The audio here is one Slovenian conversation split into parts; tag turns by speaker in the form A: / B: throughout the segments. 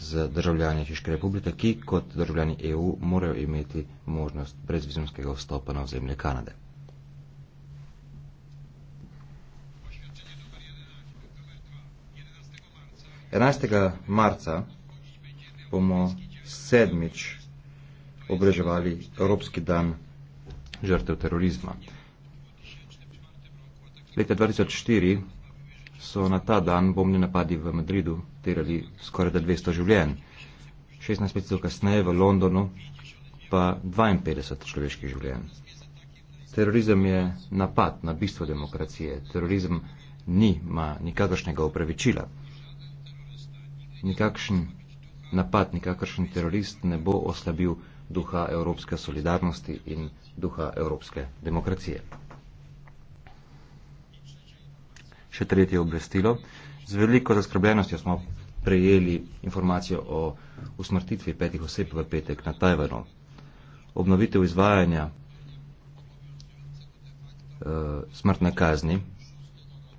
A: za državljanje Češke republike, ki kot državljani EU morajo imeti možnost brezvizumskega vstopa na ozemlje Kanade. Enajstega marca bomo sedmič obreževali Evropski dan žrtev terorizma. Leta 2004 so na ta dan bombni napadi v Madridu aretirali skoraj da 200 življenj. 16 mesecev kasneje v Londonu pa 52 človeških življenj. Terorizem je napad na bistvo demokracije. Terorizem nima nikakršnega upravičila. Nikakšen napad, nikakršen terorist ne bo oslabil duha evropske solidarnosti in duha evropske demokracije. Še tretje obvestilo. Z veliko zaskrbljenostjo smo prejeli informacijo o usmrtitvi petih oseb v petek na Tajvanu. Obnovitev izvajanja e, smrtne kazni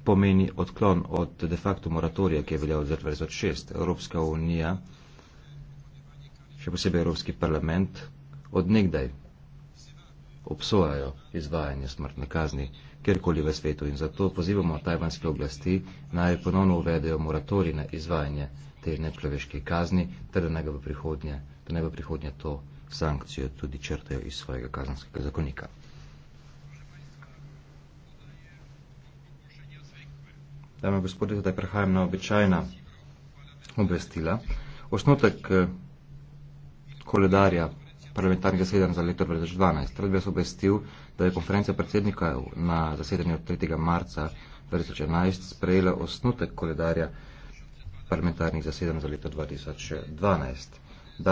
A: pomeni odklon od de facto moratorija, ki je veljal od 2006. Evropska unija, še posebej Evropski parlament, od nekdaj obsojajo izvajanje smrtne kazni kjerkoli v svetu in zato pozivamo tajvanske oblasti naj ponovno uvedejo moratori na izvajanje te nečloveške kazni, ter da naj v prihodnje, da naj v prihodnje to sankcijo tudi črtajo iz svojega kazanskega zakonika. Dame gospodje, zdaj prehajam na običajna obvestila. Osnotek eh, koledarja parlamentarnega zasedanja za leto 2012. Rad bi vas obvestil, da je konferenca predsednikov na zasedanju 3. marca 2011 sprejela osnutek koledarja parlamentarnih zasedanj za leto 2012.